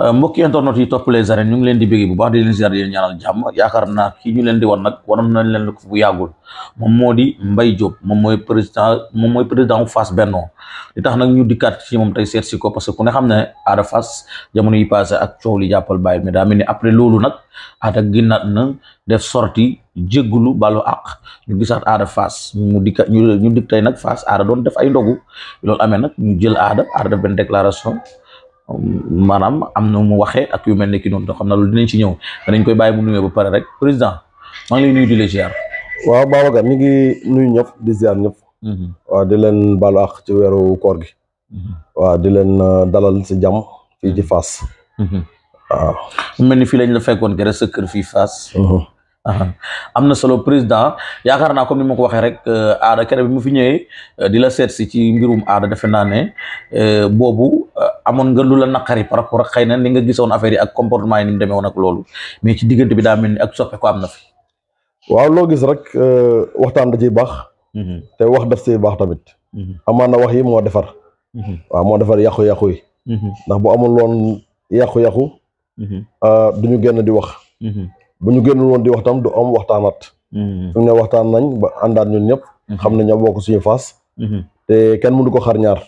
Euh, mbokki internet yi topp les arènes ñu ngi leen di bégg bu baax di leen ziar di leen ñaanal jàmm yaakaar naa kii ñu leen di wan nag war nañ leen ko moom moo di Mbaye Diop moom mooy président moom mooy président Fass Benno li tax nag ñu dikkaat ci moom tey seet si ko parce que ku ne xam ne aada Fass jamono yi passé ak coow li jàppal bàyyi mi daa mel ni après loolu nag aada ginnaat na def sorti jéggulu balu àq ñu gisaat aada Fass mu dikka ñu ñu dik tey nag Fass aada doon def ay ndogu loolu amee nag ñu jël aada aada def benn déclaration maanaam am na mu waxee ak yu mel ne ki noonu te xam na loolu dinañ ci ñëw danañ koy bàyyi mu nuyoo ba pare rek président maa ngi lay nuyu di la waaw ba Babacar mi ngi nuyu ñëpp di ziar ñëpp. Mhm. waaw di leen baalu àq ci weeru koor gi. Mhm. waaw di leen uh, dalal si jàmm fii ci mhm. Fass. waaw. mu mel ni fii lañ la fekkoon gërëm sa kër fii Fass. am na solo président yaakaar naa comme ni ma ko waxee rek euh, aada kere bi mu fi ñëwee euh, di la seet si ci ngirum aada defe naa ne euh, boobu amoon nga lu la naqari par rapport ak xëy na ni nga gisoon affaire yi ak comportement yi ni mu demee woon ak loolu mais ci diggante bi daa mel ni ak soppe ko am na fi. waaw loo gis rek waxtaan da ciy baax. Mhm. te wax daf ciy baax tamit. Mhm. amaana wax yi moo defar. Mhm. waaw moo defar yàqu-yàqu yi. ndax boo amul woon yàqu-yàqu. du ñu gën di wax. bu ñu génn woon di waxtaan du am waxtaanat su mhm. ñu ne waxtaan nañ ba àndaat ñun ñëpp mhm. xam ne ñoo bokk suñu faas mhm. te kenn mënu ko xar ñaar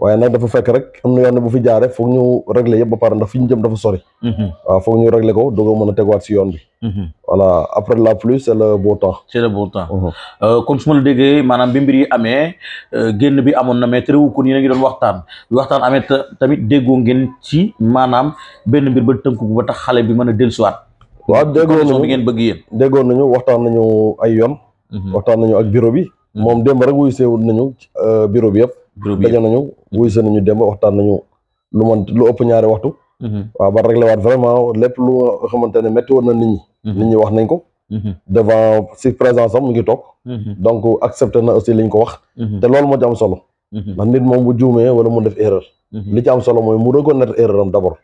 waaye nag dafa fekk rek am na yoon bu fi jaare foog ñu régler yëpp ba pare ndax ñu jëm dafa sori waaw ñu régler ko doog a mën a tegaat si yoon bi voilà après la pluie c'est le beau temps c'est le beau temps comme euh, su ma déggee maanaam bi mbir amee euh, génn bi amoon na mais terewul ko yéen a ngi doon waxtaan waxtaan amee tamit déggoo ngeen ci maanaam benn mbir ba tënku ba tax xale bi mën a dellusiwaat waaw déggoo nañu bi ngeen bëgg yéen déggoon nañu waxtaan nañu ay yoon mhm. waxtaan nañu ak bureau bi mhm. moom démb rek wuyu seewul nañu euh, bureau bi yëpp daje nañu wuyu see nañu démb waxtaan nañu lu man lu ëpp ñaari waxtu mhm. waaw ba réglé waat vraiment lépp lu nga xamante ne métti na nit ñi nit wax nañ ko devant si présence am mu ngi toog donc accepté na aussi lañ ko wax te loolu moo ci am solo ndax nit moom bu juumee wala mu def erreur li ci am solo mooy mu reconnaître erreur am d'abord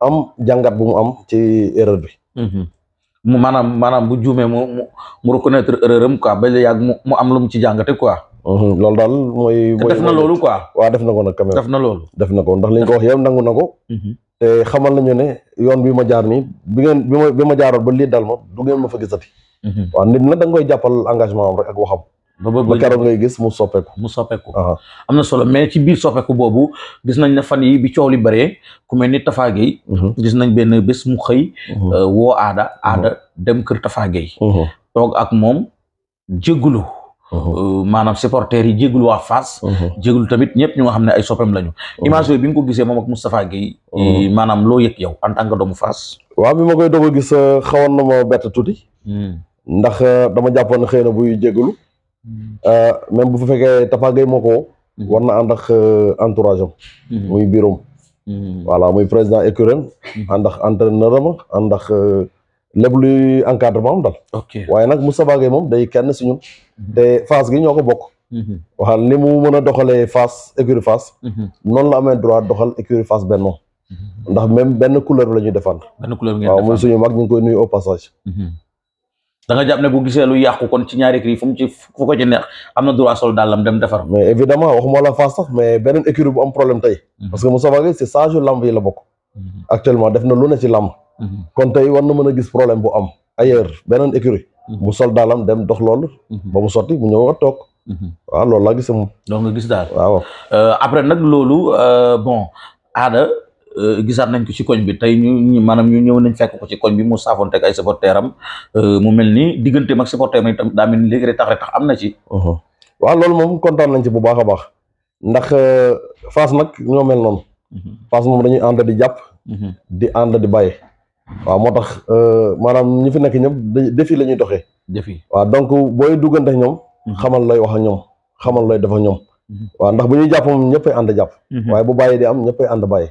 am jàngat bu mu am ci erreur bi. Mhm. mu maanaam maanaam bu juumee mu mu mu reconnaître erreur am quoi ba yàgg mu am lu mu ci jàngate quoi. Mhm. loolu daal mooy. def na loolu quoi. waaw def na ko nag quand def na loolu. def na ko ndax li nga ko wax yow na ko. Mhm. te xamal nañu ne yoon bi ma jaar ni bi ngeen bi ma bi ba lii daal ma du ngeen ma fa gisati. waaw nit nag koy jàppal engagement am rek ak waxam. ba ba keroog ngay gis mu soppeeku. mu soppeeku. Ah. am na solo mais ci biir soppeeku boobu gis nañ ne fan yi bi coow li bëree ku mel ni tafaa Gueye mhm. gis nañ benn bés mu xëy. Mhm. Euh, woo aada aada mhm. dem kër Tafa Gueye toog ak moom jégalu. Euh, maanaam supporters yi jégalu waa Fass. jégalu tamit ñëpp ñu nga xam ne ay soppeem lañu. image bi nga ko gisee moom ak Moustapha Gueye maanaam loo yëg yow en tant que doomu Fass. waaw bi ma koy doog gis euh, xawoon na ma bett tuuti. Hmm. ndax dama jàppoon xëy na buy jégalu. Mm-hmm. Euh, même bu fa fekkee Tapha Gueye moo ko mm-hmm. war na ànd ak euh, entourage am mm-hmm. muy biirom voilà muy président écurie ànd ak entraîneur am ànd ak euh, lépp luy encadrement am daal waaye nag mu Gueye moom day kenn si ñun te Fass gi ñoo ko bokk waaw ni mu mën a doxalee Fass écurie Fass noonu la amee droit doxal écurie Fass Benno ndax même benn couleur bi la ñuy défendre benn couleur ngeen waaw muy suñu mag ñu koy nuyu au passage da nga jàpp ne bu gisee lu yàqu kon ci ñaari écurie fu ko ci neex am na droit sol dàllam dem defar. mais évidemment waxuma la Fass sax mais beneen écurie bu am problème tey. Mhm. parce que Moussa Wagué c'est sage lamb yi la bokk. Mhm. na lu ne ci lamb. Mhm. kon tey a gis problème bu am ailleurs beneen écurie. mu sol dàllam dem dox lool ba mu sotti mu ñëw nga toog. waaw lool laa gis moom. donc nga gis daal. waaw euh, après nag loolu euh, bon aada. Euh, gisaat nañ ko ci koñ bi tey ñu maanaam ñu ñëw nañ fekk ko ci koñ bi mu saafoonte ak ay supporter am euh, mu mel nii diggante mag supporter am itam daa mel ni léegi rek tax rek am na ci. Uh-huh. waaw loolu moom kontaan nañ ci bu baax baax ndax euh, Fass nag ñoo mel noonu. Mm-hmm. Fass moom dañuy ànd di jàpp. Mm-hmm. di ànd di bàyyi. waaw moo tax maanaam ñi fi nekk ñëpp défi la ñuy doxee. défi waaw donc booy duggante mm-hmm. ñoom. xamal lay wax a ñoom xamal lay def ak ñoom. Mhm. waaw ndax bu ñuy jàpp moom ñëppay ànd jàpp mhm. waaye bu bàyyi di am ñëppay ànd bàyyi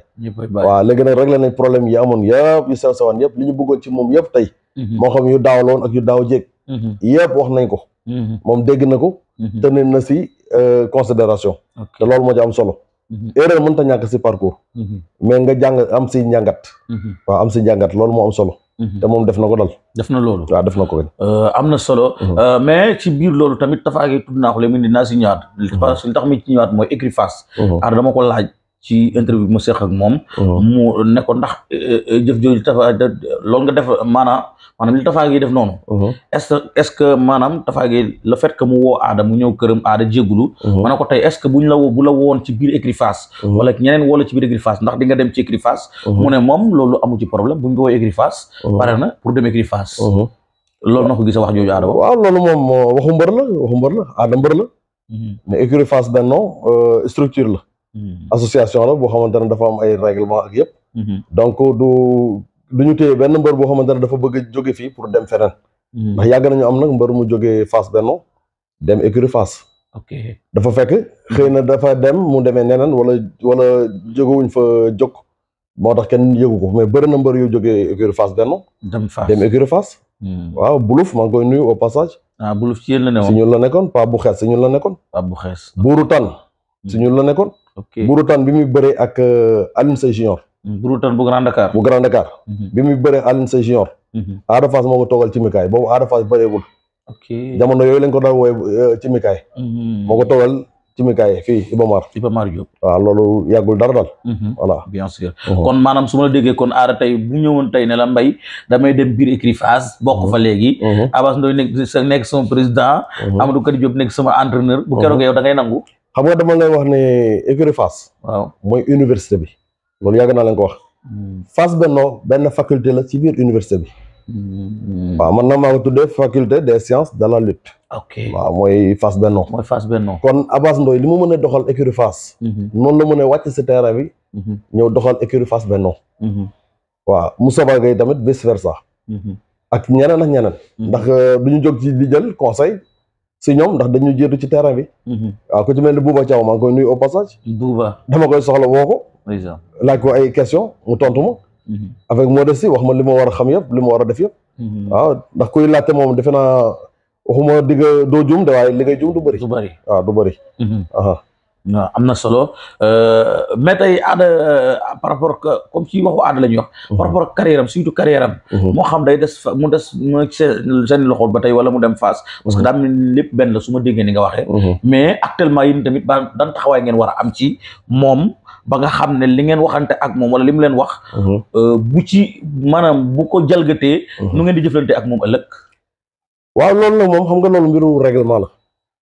waaw léegi nag réglé nañ problème yi amoon yëpp yu sew sewan yëpp li ñu bëggoon ci moom yëpp tey mhm. moo xam yu daaw loon ak yu daaw jéeg yëpp wax nañ ko moom dégg na ko tenir na si euh, considération te loolu moo ci am solo erreur mënta ñàkk si parcours mais nga jàng am si njàngat waaw am si njàngat loolu moo am solo Mhm. te moom def na ko dal. def na loolu waaw def na ko. Euh, am na solo. Mhm. Euh, mais ci biir loolu tamit Tapha Gueye tudd naa ko léegi dinaa si ñëwaat. Mhm. parce que li tax mi ci ñëwaat mooy écurie Fass. ar dama ko laaj. ci interview bi mu seq ak moom. Oh. mu ne ko ndax eh, eh, jëf jooju tafa loolu nga def maanaam maanaam li tafaa gi def noonu. Uh-huh. est-ce que est-ce que maanaam tafaa gi le fait que mu ñëw këram aada jégalu. Uh-huh. ma ne ko tey est-ce que buñ la woo bu la woon ci biir écurie Fass. Uh-huh. wala ñeneen woo la ci biir écurie Fass ndax di nga dem ci écurie Fass. mu ne moom loolu amu ci problème buñ ko woo écurie Fass. pare na pour dem écurie Fass. loolu na ko gis wax jooju aada waaw loolu moom waxu mbër la waxu mbër la aada mbër la. Mm-hmm. mais écurie Fass euh, structure la. Mm-hmm. association la boo xamante ne dafa am ay règlement ak yëpp. Mm-hmm. donc du du ñu téye benn mbër boo xamante ne dafa bëgg jóge fii pour dem feneen. Mm-hmm. ndax yàgg nañu am nag mbër mu jógee Fass Benno dem écurie Fass. dafa fekk xëy na dafa dem mu demee neneen wala wala jógewuñ fa jóg moo tax kenn yëgu ko mais bëri na mbër yu jógee écurie Fass Benno. dem Fass dem écurie Fass. waaw Buluf maa ngi koy nuyu au passage. ah Buluf ci yéen la nekkoon si ñun la nekkoon Pape bu xees si ñun la nekkoon. Pape bu xees buuru tan si ñun la nekkoon. ok euh, mm, Burutaan mm-hmm. bi muy bëree ak Alioune Sèye Junior. Burutaan bu Grand Dakar. bu Grand Dakar. bi muy bëree Alioune sa Junior. Ada Fass moo ko toogal ci mikaay boobu Ada Fass bëreewul. ok ko daan wooyee euh, ci mm-hmm. ko toogal ci mikaay fii Iba Mar. Iba Mar Diop waaw loolu yàggul dara daal. Mm-hmm. Uh-huh. kon maanaam su ma la déggee kon Ada tey bu ñëwoon tey ne la mbay damay dem biir écurie Fass bokk fa uh-huh. léegi. Uh-huh. Abass Ndoye nekk sa nekk sama président. Amadou Kadi Diop nekk sama entraîneur. bu keroog yow da ngay nangu. xam nga dama lay wax ne écurie Fass. waaw mooy université bi loolu yàgg naa leen ko wax. Hmm. Fass Benno benn faculté la ci biir université bi. Hmm. waa man na maa ko tuddee faculté des sciences de la lutte. ok waaw mooy Fass Benno. mooy Fass kon Abass Ndoye li ma mën a doxal écurie Fass. Hmm. noonu la mën a wàcc si terrain bi. ñëw doxal écurie Fass Benno. waaw Moussa Gueye tamit vice versa. ak ñeneen ak ñeneen. ndax euh, du ñu jóg ci bi jël conseil. si ñoom ndax dañu jiitu ci terrain bi. Mhm. waaw ku ci mel ni Bouba Thiaw maa ngi koy nuyu au passage. Bouba dama koy soxla woo ko. laaj ko ay question mu tontu ma. Mhm. avec modestie wax ma li ma war a xam yëpp li ma war a def yëpp. Mhm. waaw ndax kuy laajte moom defe naa waxuma digg doo jum de waaye li ngay juum du bëri. du bëri waaw du bëri. waaw am na solo euh, mais tey aada euh, par rapport comme ci waxu aada la ñuy wax. Mhm. par rapport ak carrière am surtout carrière mhm. moo xam day des mu des mu seen loxo ba tey wala mu dem Fass. parce que mhm. daa mel lépp benn la su ma déggee ni nga waxee. mais actuellement yéen tamit ba daan taxawaay ngeen war a am ci moom ba nga xam ne li ngeen waxante ak moom wala li mu leen wax. Euh, bu ci maanaam bu ko jalgatee. nu ngeen di jëflante ak moom ëllëg. waaw loolu la moom xam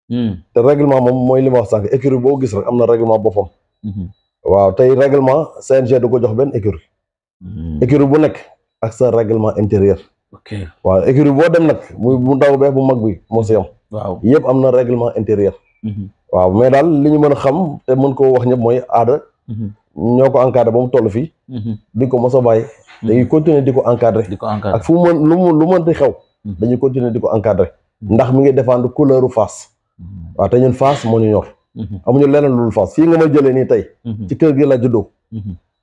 Hmm. te règlement moom mooy li ma wax sànq écurie boo gis rek am na règlement boppam. Hmm. waaw tey règlement CNG du ko jox benn hmm. écurie. bu nekk ak sa règlement intérieur. ok waaw écurie boo dem nag muy bu ndaw beex bu mag bi moo si am. waaw yëpp am na réglement intérieur. waaw mais daal li ñu mën a xam te mën koo wax ñëpp mooy aada. ñoo ko encadré ba mu toll fii. di ko mos a bàyyi. dañuy continuer di ko encadré. di ko encadré ak fu mu mën lu mën lu mënti xew. dañu continuer di ko encadré. ndax mi ngi défendre couleuru Fass. Mm-hmm. waaw te ñun Fass moo ñu ñor mm-hmm. amuñu leneen lu dul Fass fii nga ma jëlee nii tey mm-hmm. ci kër gi laa juddoo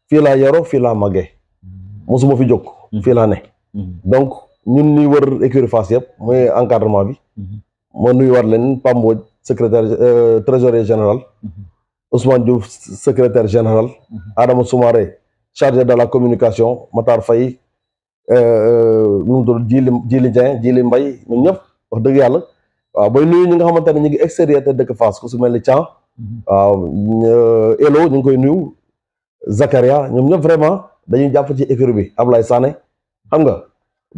fii laa yaroo fii laa màggee mosuma fi jóg fii laa ne donc ñun ñuy wër écurie Fass yëpp muy encadrement bi moo nuy war leen Pambo secrétaire euh, trésorier général Ousmane Diouf secrétaire général Adama Soumaré chargé de la communication Matar fay euh, euh, nu mu tudd Jili Jili Dieng Jili Mbay ñun ñëpp wax dëgg yàlla waaw bay nuyu ñi nga xamante ne ñu ngi extérieur te dëkk Fass ku su mel ni Thian waaw Elo euh, ñu ngi koy nuyu Zakaria ñoom ñëpp vraiment dañuy jàpp ci écurie bi Ablaye Sané xam nga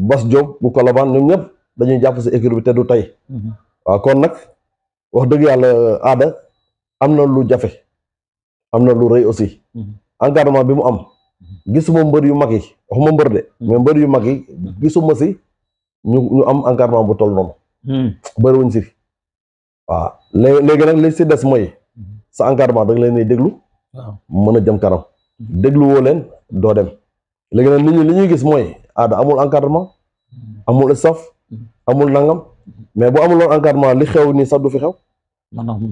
Bas Diop bu Colobane ñoom ñëpp dañuy jàpp si écurie te du tey mhm. waa kon nag wax dëgg yàlla aada am na lu jafe am na lu rëy aussi mhm. encadrement bi mu am mhm. gisuma mbër yu mag yi waxuma mbër de mais mbër yu mag yi gisuma si ñu ñu am encadrement bu toll noonu Hmm. bëri wuñ si fi waaw léegi nag li si des mooy sa encadrement da leen di déglu. mën a jëm kanam. dégluwoo woo leen doo dem léegi nag nit ñi li ñuy gis mooy aada amul encadrement amul staff amul nangam mais boo amul woon li xew nii sax du fi xew.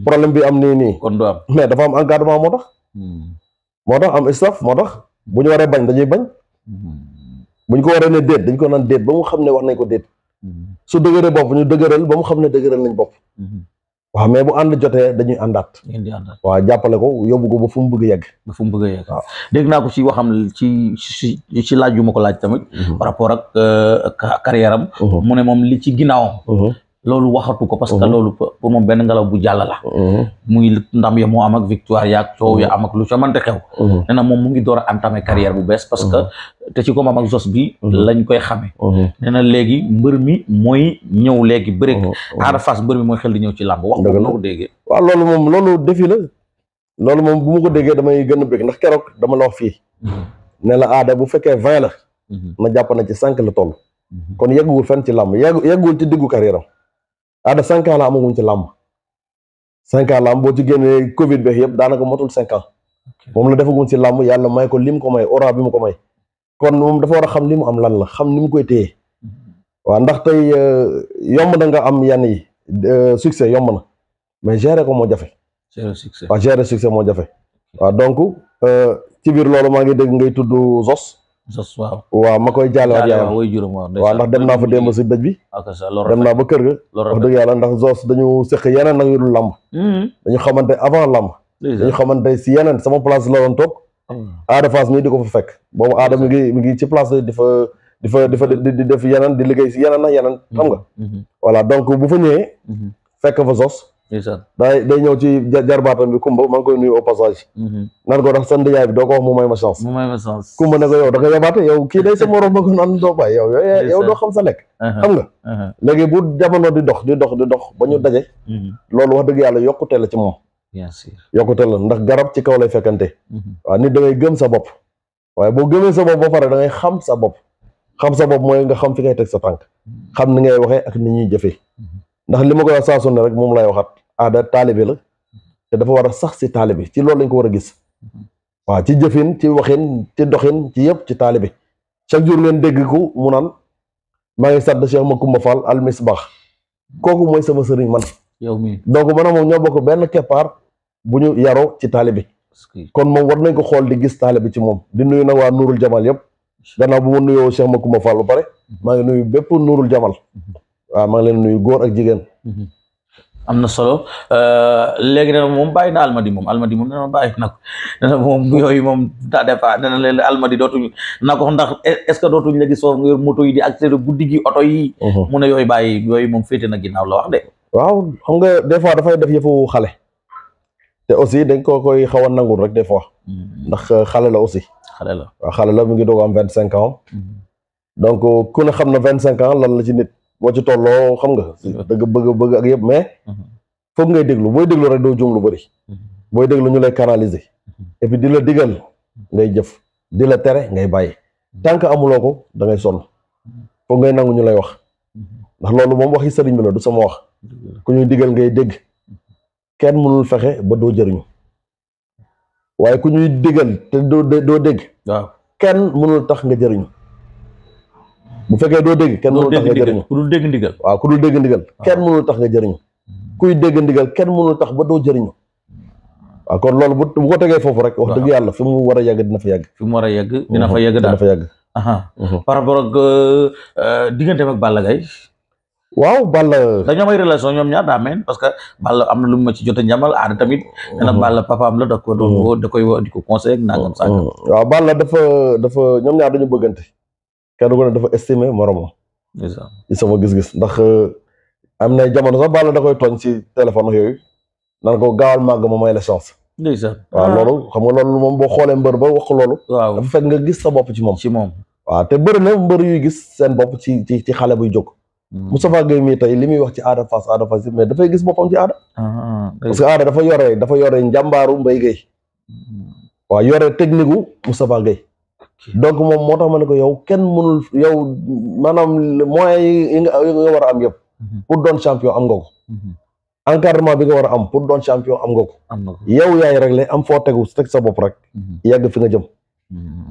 problème bi am nii nii. kon mais dafa am encadrement moo tax. Hmm. moo tax am staff moo tax bu ñu waree bañ dañuy bañ. Hmm. bu ñu ko waree ne déet dañ ko naan déet ba mu xam ne wax nañ ko déet. su dëgëree bopp ñu dëgërël ba mu xam ne dëgëral nañ bopp mm-hmm. waaw mais bu ànd jotee dañuy àndaat di waaw jàppale ko yóbbu ko ba fu mu bëgg a yegg ba fu mu bëgg a yegg waaw dégg naa ko ci waxam ci ci ci laaj yu ma ko laaj tamit mm-hmm. rapport euh, ak carrière am mm-hmm. mu ne moom li ci ginnaaw loolu waxatu ko parce que mhm. loolu pour moom benn ngelaw bu jàll la mhm. muy ndam ya moo am ak victoire yaak coow ya am ak lu ca xew mhm. nee na moom mu ngi door a entamé carrière bu bees parce que te ci ko maam ak jos bi lañ koy xame nee léegi mbër mi mooy ñëw léegi bëre Ada Fass mbër mi mooy xel di ñëw ci làmb wax ko noo ko déggee waaw loolu moom loolu defi la loolu moom bu ma ko déggee damay gën a bëgg ndax keroog dama la wax fii ne la aada bu fekkee vingt la na jàpp na ci cinq la toll kon yeggul fenn ci làmb yegg yeggul ci diggu carrière aada cinq ans la amaguñ ci làmb cinq ans làmb boo ci génnee Covid beex yëpp daanaka motul cinq moom la defaguñ ci làmb yàlla may ko lim ko may aura bi mu ko may kon moom dafa war a xam li mu am lan la xam ni mu koy téye waaw ndax tey euh, yomb na nga am yenn yi euh, succès yomb na mais gérer ko moo jafe. gérer succès moo jafe. waaw donc euh, ci biir loolu maa ngi dégg ngay tudd Zos. jos waaw waaw ma koy jàllewaat yàlla waaw ndax dem naa fa démb si dëj bi dem naa ba kër ga wax dëgg yàlla ndax jos dañu sëq yeneen nag yu dul mm-hmm. dañu xamante avant làmb dañu xamante si yeneen sama place la doon toog mm. Ada Fass mii di ko fa fekk boobu aada mi ngi mi ngi ci place di di def yeneen di liggéey si yeneen ak yeneen xam nga mm-hmm. Mm-hmm. voilà donc bu fa ñëwee fekk fa jos day day ñëw ci jarbaatam bi Kumba maa ngi koy nuyu au passage mhm. nan ko tax sa ndijaay bi doo ko wax mu may ma chance Kumba ne ko yow da nga yabaate yow kii day sa morom ba ko naan doo bàyyi yow yow yow doo xam sa lekk uh-huh. xam nga uh-huh. léegi bu jamono di dox di dox di dox ba ñu mm-hmm. daje mm-hmm. loolu wax dëgg yàlla yokkute la ci moom yokkute la ndax garab ci kaw lay fekkante mm-hmm. waaw nit da ngay gëm sa bopp waaye boo gëmee sa bopp ba pare da ngay xam sa bopp xam sa bopp mooy nga xam fi ngay teg sa tànk xam ni ngay waxee ni ñuy jëfee ndax li ma koy wax saa su ne rek aada taalibe la te dafa war a sax si taalibe ci loolu lañ ko war a gis waaw ci jëfin ci waxin ci doxin ci yëpp ci taalibe chaque jour leen dégg ko mu naan maa ngi sàdd Cheikh Makumba Fall al misbaax kooku mooy sama sëriñ man. yow mii donc man moom ñoo bokk benn keppaar bu ñu yaroo ci taalibe kon moom war nañ ko xool di gis taalibe ci moom di nuyu nag waa Nuurul Jamal yëpp gannaaw bu ma nuyoo Cheikh Makumba Fall ba pare maa ngi nuyu bépp nurul Jamal mhm. waaw maa ngi nuyu góor ak jigéen. Mhm. am na solo euh, léegi nee na moom bàyyi na almadi moom almadi moom nee na bàyyi na moom yooyu moom daa dépend ah, nee na leen almadi dootuñu na ndax est ce la gis foofu nga yor moto yi guddi oto yi uh-huh. mu ne yooyu bàyyi yooyu moom féete na ginnaaw la wax de xam nga des fois dafay def yëfu xale te aussi dañ ko koy xaw a nangul rek mm-hmm. ndax euh, xale la aussi xale la waaw xale mu ngi doog am vingt cinq ans mm-hmm. donc ku ne xam na vingt cinq ans lan la ci nit boo ci tolloo xam nga dëgg bëgg bëgg ak yëpp mais mhm. foog ngay déglu booy déglu rek doo juum lu bari mhm. booy déglu ñu lay canaliser mhm. et di la digal ngay jëf di la tere ngay bàyyi tant amuloo ko da ngay sonn foog ngay nangu ñu lay wax ndax loolu moom waxi sëriñ bi la du sama wax ku ñuy digal ngay dégg kenn mënul fexe ba doo jëriñu waaye ku ñuy digal te doo doo dégg waaw kenn mënul tax nga jëriñu bu fekkee doo dégg kenn mënul tax nga jëriñu ku dul dégg ndigal ah. kenn mënul tax nga jëriñu kuy dégg ndigal kenn mënul tax ba doo jëriñu waaw kon loolu bu bu ko tegee foofu rek wax dëgg yàlla fi mu war a yàgg dina fa yàgg fi mu war a yàgg mhm, dina fa yàgg daal dina fa yàgg mhm. par rapport ak euh, euh, digganteem ak Balla waaw Balla dañoo may ñoom ñaar daa parce que Balla am na lu ma ci jot a njàmbal tamit nee na mhm. Balla am la da ko doon da koy di ko conseil ak nangam sàngam waaw dafa dafa ñoom ñaar dañu bëggante kenn ku ne dafa estimer moromam. ci sama gis-gis ndax euh, am na jamono sax Balla da koy tooñ ci téléphone yooyu nan ko gaawal màgg ma may la chance. waaw ah. loolu xam nga loolu moom boo xoolee mbër ba wax loolu. waaw dafa fekk nga gis sa bopp ci moom. ci moom waaw te bëri na mbër yuy gis seen bopp ci ci ci xale buy jóg. Hmm. Moustapha Gueye mii tey li muy wax ci Ada Fass Ada Fass mais dafay gis boppam ci Ada. Ah, ah, parce que dafa yore dafa yore njàmbaaru Mbaye Gueye. Hmm. waaw yore technique donc moom moo tax ma ne ko yow kenn mënul yow maanaam moyens yi nga war a am yëpp mhm. pour doon champion am nga ko mhm. encadrement bi nga war a am pour doon champion am nga ko yow yaay réglé am foo tegu teg sa bopp rek mhm. yegg fi nga jëm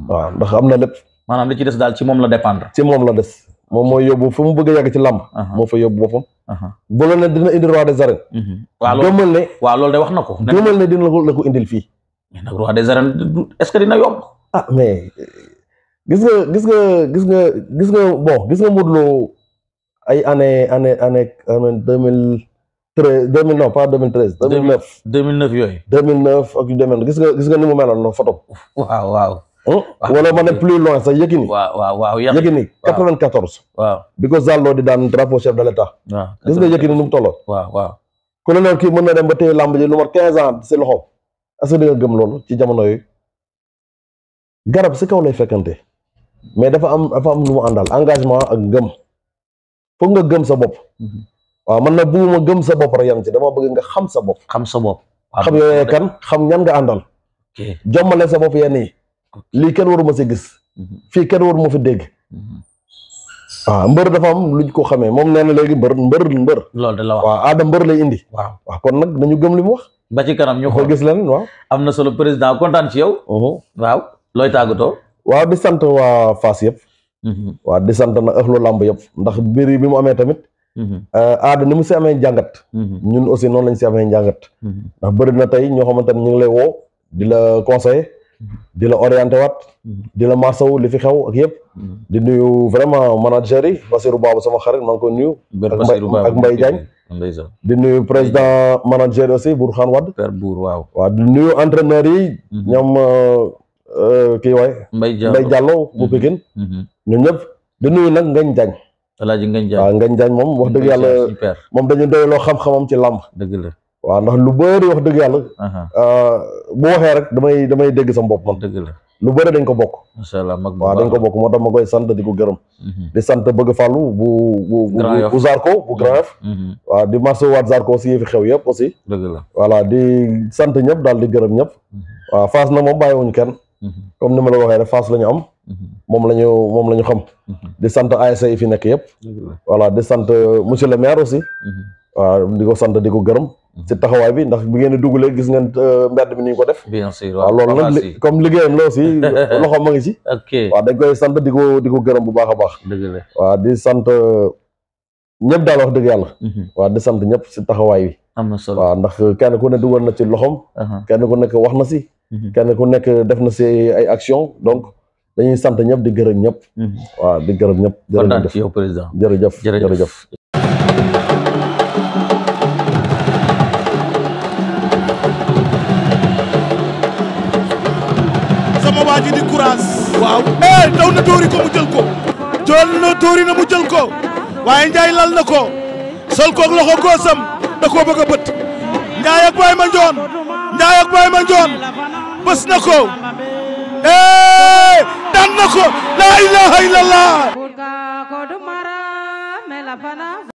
waa ndax am na lépp maanaam li ci des daal ci moom la dépendre ci moom la des moom mooy yóbbu fu mu bëgg a ci làmb moo fa yóbbu boppam bu la ne dina indi roi de arènes waaw gëmal waa waaw de wax na ko gëmal ne dina la ko fii mais ce que dina ah mais gis nga gis nga gis nga gis nga bon gis nga Modou Lo ay année année année deux mil treize deux mille non pas deux mille treize. deux mille neuf yooyu. deux mille neuf ak gis nga gis nga ni mu meloon noonu photo. waaw waaw. wala ma ne plus loin sax Yékini. waaw waaw waaw Yékini quatre vingt quatorze. waaw bi ko Zallo di daan drapeau chef de l' état. waaw gis nga Yékini nu mu tolloo. waaw waaw. ku ne kii mën na dem ba téye làmb ji lu mat quinze ans si loxoom est que di nga gëm jamono yooyu. garab si kaw lay fekkante mais dafa am dafa am lu mu àndal engagement ak gëm foog nga gëm sa bopp mm-hmm. waaw man na buuma gëm sa bopp rek yam ci dama bëgg nga xam sa bopp xam sa bopp xam kan xam ñan nga àndal jommale sa bopp yenn yi lii kenn waruma si gis mm-hmm. fii kenn waruma fi dégg mm-hmm. waaw mbër dafa am luñ ko xamee moom nee na léegi mbër mbër mbër loolu de la aada mbër lay indi waaw waaw kon nag nañu gëm li mu wax ba ci kanam ñu ko gis leen waaw am na solo président kontaan ci yow uh-huh. looy tàggatoo. waaw di sant waa Fass yëpp. Mm-hmm. waaw di sant na ëxlu làmb yëpp ndax mbir yi bi mu amee tamit. Mm-hmm. Euh, aada ni mu si amee njàngat. Mm-hmm. ñun aussi noonu lañ si amee njàngat. ndax bëri na tey ñoo xamante ne ñu ngi lay woo di la conseiller. di la orienté waat. di la marsawu li fi xew ak yëpp. di nuyu vraiment manager yi Basirou Babou sama xarit maa ngi koy nuyu. ak Mbaye Diagne. di nuyu président manager aussi Bourkhane Wade. waaw di nuyu entraîneur yi. ñoom euh, kii waay. Mbaye Diallo Mbaye Diallo bu Pikine. ñun ñëpp di nuyu nag Ngagne Diagne. Alaaji Ngagne Diagne moom wax dëgg yàlla moom dañu doyloo xam-xamam ci làmb. dëgg la waaw ndax lu bëri wax dëgg yàlla. bu waxee rek damay damay dégg sa bopp man. dëgg lu bëri dañ ko bokk. macha allah mag waaw dañ ko bokk moo tax ma koy sant di ko gërëm. di sant bëgg fàllu bu bu bu bu Zarko bu Grand Yoff. waaw di marché waat Zarko si yëfi xew yëpp aussi. dëgg la voilà di sant ñëpp daal di gërëm ñëpp. waaw Fass na moom bàyyiwuñ kenn. Mhm. comme ni ma la waxee rek Fass la ñu am. Mhm. moom la ñu moom la ñu xam. Mhm. di sant ASC yi fi nekk yëpp. voilà di sant euh, monsieur le maire aussi. waa di ko sant di ko gërëm. si taxawaay bi ndax bi ngeen di dugalee gis ngeen euh, mbedd bi ni ñu ko def. bien sûr loolu nag comme liggéeyam la aussi loxo ma ngi ci. ok waaw dañ koy sant di ko di ko gërëm bu baax a baax. dëgg la waaw di sant euh, ñëpp daal wax dëgg yàlla. waa di sant ñëpp si taxawaay bi. am na solo waaw ndax kenn ku ne dugal na ci loxom kenn ku nekk wax na si Mhm. kenn ku nekk def na si ay action donc dañuy sant ñëpp di gërëm ñëpp. Mhm. waaw di gërëm ñëpp. kontaan sama waa ji di courage. waaw eh daw na tóori ko mu jël ko. jël na tóori na mu jël ko. waaye Ndiaye lal na ko. sol koog loxo góosam da koo bëgg a bët. Ndiaye ak Baye Mandione. Ndiaye ak Baye Mandione bës na ko eh daan na ko la ilaha